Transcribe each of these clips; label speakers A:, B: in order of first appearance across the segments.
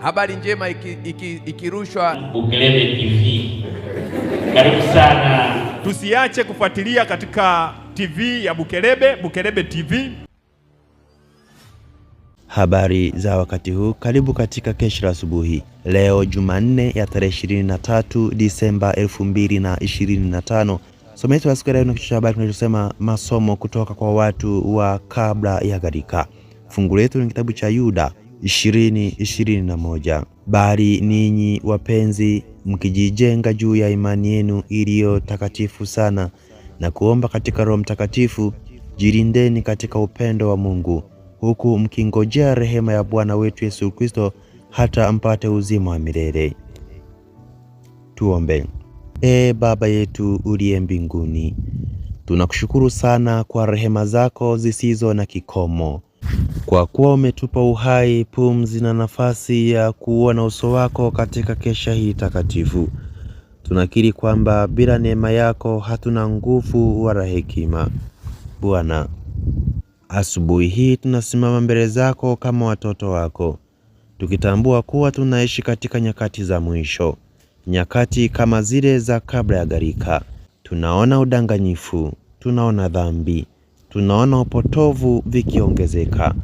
A: Habari njema ikirushwa iki, iki
B: Bukelebe TV. Karibu sana,
C: tusiache kufuatilia katika TV ya Bukelebe, Bukelebe TV.
D: Habari za wakati huu, karibu katika Kesha la Asubuhi leo Jumanne ya tarehe 23 Disemba 2025. Somo letu la siku leo ni kichwa cha habari kinachosema masomo kutoka kwa watu wa kabla ya gharika. Fungu letu ni kitabu cha Yuda 2021 Bali ninyi wapenzi, mkijijenga juu ya imani yenu iliyo takatifu sana na kuomba katika Roho Mtakatifu, jirindeni katika upendo wa Mungu, huku mkingojea rehema ya Bwana wetu Yesu Kristo, hata mpate uzima wa milele. Tuombe. Ee Baba yetu uliye mbinguni, tunakushukuru sana kwa rehema zako zisizo na kikomo kwa kuwa umetupa uhai, pumzi na nafasi ya na uso wako katika kesha hii takatifu. Tunakiri kwamba bila neema yako hatuna nguvu wala hekima. Bwana, asubuhi hii tunasimama mbele zako kama watoto wako, tukitambua kuwa tunaishi katika nyakati za mwisho, nyakati kama zile za kabla ya gharika. Tunaona udanganyifu, tunaona dhambi, tunaona upotovu vikiongezeka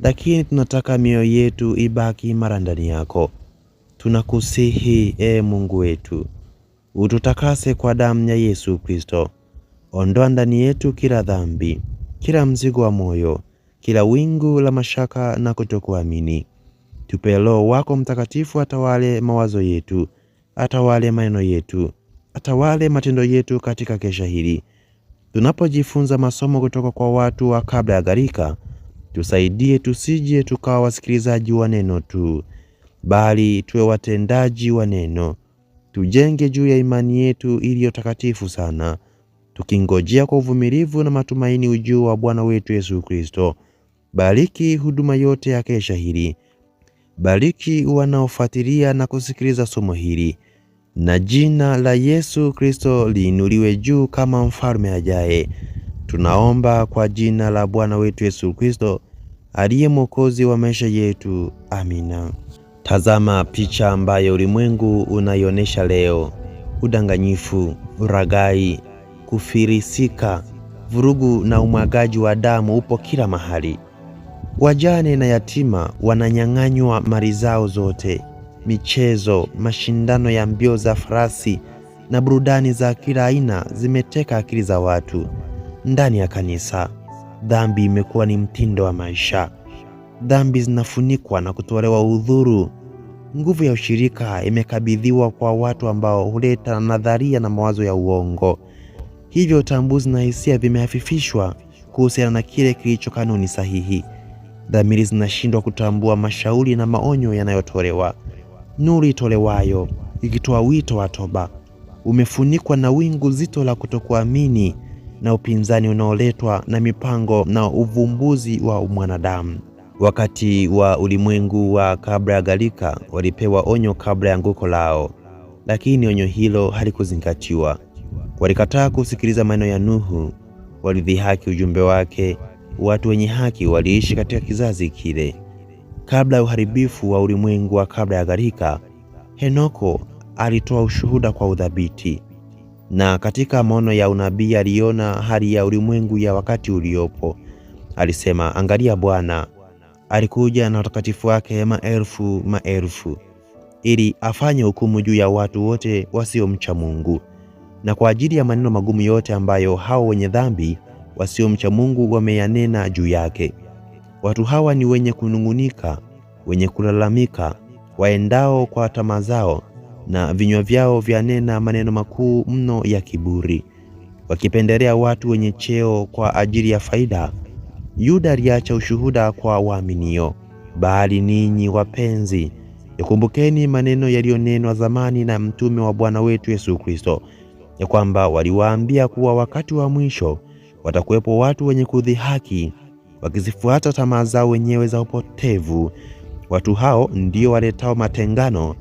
D: lakini tunataka mioyo yetu ibaki mara ndani yako. Tunakusihi e Mungu wetu, ututakase kwa damu ya Yesu Kristo. Ondoa ndani yetu kila dhambi, kila mzigo wa moyo, kila wingu la mashaka na kutokuamini. Tupe Roho wako Mtakatifu atawale mawazo yetu, atawale maneno yetu, atawale matendo yetu katika kesha hili, tunapojifunza masomo kutoka kwa watu wa kabla ya gharika Tusaidie tusije tukawa wasikilizaji wa neno tu, bali tuwe watendaji wa neno. Tujenge juu ya imani yetu iliyo takatifu sana, tukingojea kwa uvumilivu na matumaini ujio wa Bwana wetu Yesu Kristo. Bariki huduma yote ya kesha hili, bariki wanaofuatilia na kusikiliza somo hili, na jina la Yesu Kristo liinuliwe juu kama mfalme ajaye. Tunaomba kwa jina la Bwana wetu Yesu Kristo aliye mwokozi wa maisha yetu. Amina.
E: Tazama picha ambayo ulimwengu unaionyesha leo: udanganyifu, uragai kufirisika vurugu na umwagaji wa damu upo kila mahali. Wajane na yatima wananyang'anywa mali zao zote. Michezo, mashindano ya mbio za farasi na burudani za kila aina zimeteka akili za watu ndani ya kanisa. Dhambi imekuwa ni mtindo wa maisha. Dhambi zinafunikwa na kutolewa udhuru. Nguvu ya ushirika imekabidhiwa kwa watu ambao huleta nadharia na mawazo ya uongo, hivyo utambuzi na hisia vimehafifishwa kuhusiana na kile kilicho kanuni sahihi. Dhamiri zinashindwa kutambua mashauri na maonyo yanayotolewa. Nuru itolewayo ikitoa wito wa toba umefunikwa na wingu zito la kutokuamini na upinzani unaoletwa na mipango na uvumbuzi wa mwanadamu. Wakati wa ulimwengu wa kabla ya gharika walipewa onyo kabla ya nguko lao, lakini onyo hilo halikuzingatiwa. Walikataa kusikiliza maneno ya Nuhu, walidhihaki ujumbe wake. Watu wenye haki waliishi katika kizazi kile kabla ya uharibifu wa ulimwengu wa kabla ya gharika. Henoko alitoa ushuhuda kwa udhabiti na katika maono ya unabii aliona hali ya ulimwengu ya wakati uliopo. Alisema, angalia, Bwana alikuja na watakatifu wake maelfu maelfu, ili afanye hukumu juu ya watu wote wasiomcha Mungu na kwa ajili ya maneno magumu yote ambayo hao wenye dhambi wasiomcha Mungu wameyanena juu yake. Watu hawa ni wenye kunung'unika, wenye kulalamika, waendao kwa tamaa zao na vinywa vyao vyanena maneno makuu mno ya kiburi, wakipendelea watu wenye cheo kwa ajili ya faida. Yuda aliacha ushuhuda kwa waaminio. Bali ninyi wapenzi, yakumbukeni maneno yaliyonenwa zamani na mtume wa Bwana wetu Yesu Kristo, ya kwamba waliwaambia kuwa wakati wa mwisho watakuwepo watu wenye kudhihaki, wakizifuata tamaa zao wenyewe za upotevu. Watu hao ndio waletao matengano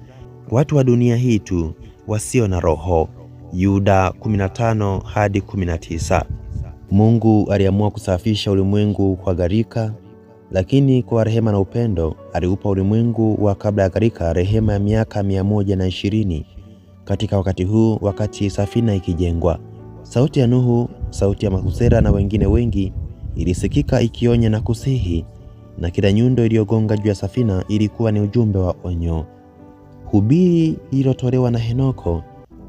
E: watu wa dunia hii tu wasio na roho. Yuda 15 hadi 19. Mungu aliamua kusafisha ulimwengu kwa gharika, lakini kwa rehema na upendo aliupa ulimwengu wa kabla ya gharika rehema ya miaka 120 na ishirini katika wakati huu, wakati safina ikijengwa, sauti ya Nuhu, sauti ya mahusera na wengine wengi ilisikika ikionya na kusihi, na kila nyundo iliyogonga juu ya safina ilikuwa ni ujumbe wa onyo. Hubiri lililotolewa na Henoko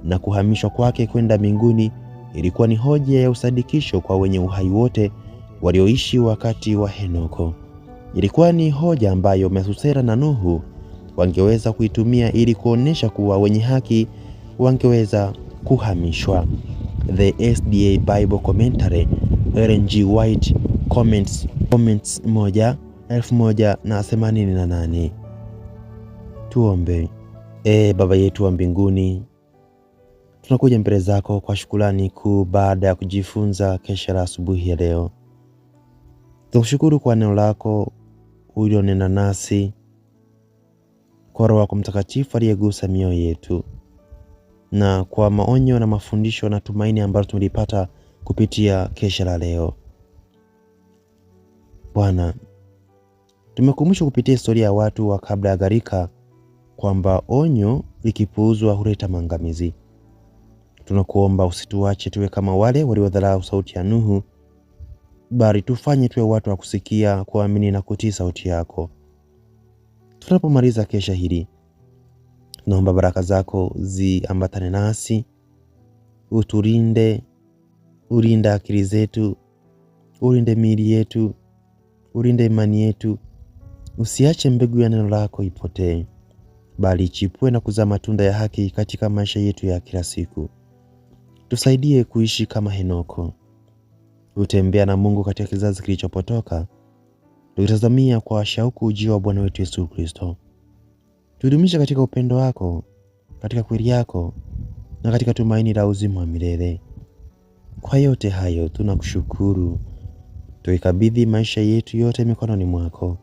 E: na kuhamishwa kwake kwenda mbinguni ilikuwa ni hoja ya usadikisho kwa wenye uhai wote walioishi wakati wa Henoko. Ilikuwa ni hoja ambayo Methusela na Nuhu wangeweza kuitumia ili kuonesha kuwa wenye haki wangeweza kuhamishwa.
F: The SDA Bible Commentary, Ellen G. White, comments, comments moja, elfu moja na themanini na nane. Tuombe. Ee Baba yetu wa mbinguni, tunakuja mbele zako kwa shukrani kuu baada ya kujifunza kesha la asubuhi ya leo. Tunakushukuru kwa neno lako ulionena nasi kwa Roho yako Mtakatifu aliyegusa mioyo yetu na kwa maonyo na mafundisho na tumaini ambalo tumelipata kupitia kesha la leo. Bwana, tumekumbushwa kupitia historia ya watu wa kabla ya gharika kwamba onyo likipuuzwa huleta maangamizi. Tunakuomba usituache tuwe kama wale waliodharau sauti ya Nuhu, bali tufanye tuwe watu wa kusikia, kuamini na kutii sauti yako. Tunapomaliza kesha hili, naomba baraka zako ziambatane nasi, utulinde, ulinde akili zetu, ulinde miili yetu, ulinde imani yetu, usiache mbegu ya neno lako ipotee bali ichipue na kuzaa matunda ya haki katika maisha yetu ya kila siku. Tusaidie kuishi kama Henoko, utembea na Mungu katika kizazi kilichopotoka, tukitazamia kwa shauku ujio wa Bwana wetu Yesu Kristo. Tudumisha katika upendo wako, katika kweli yako na katika tumaini la uzima wa milele. Kwa yote hayo tunakushukuru, tuikabidhi maisha yetu yote mikononi mwako.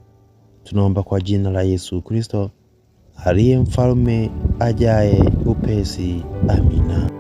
F: Tunaomba kwa jina la Yesu Kristo aliye mfalme ajaye upesi. Amina.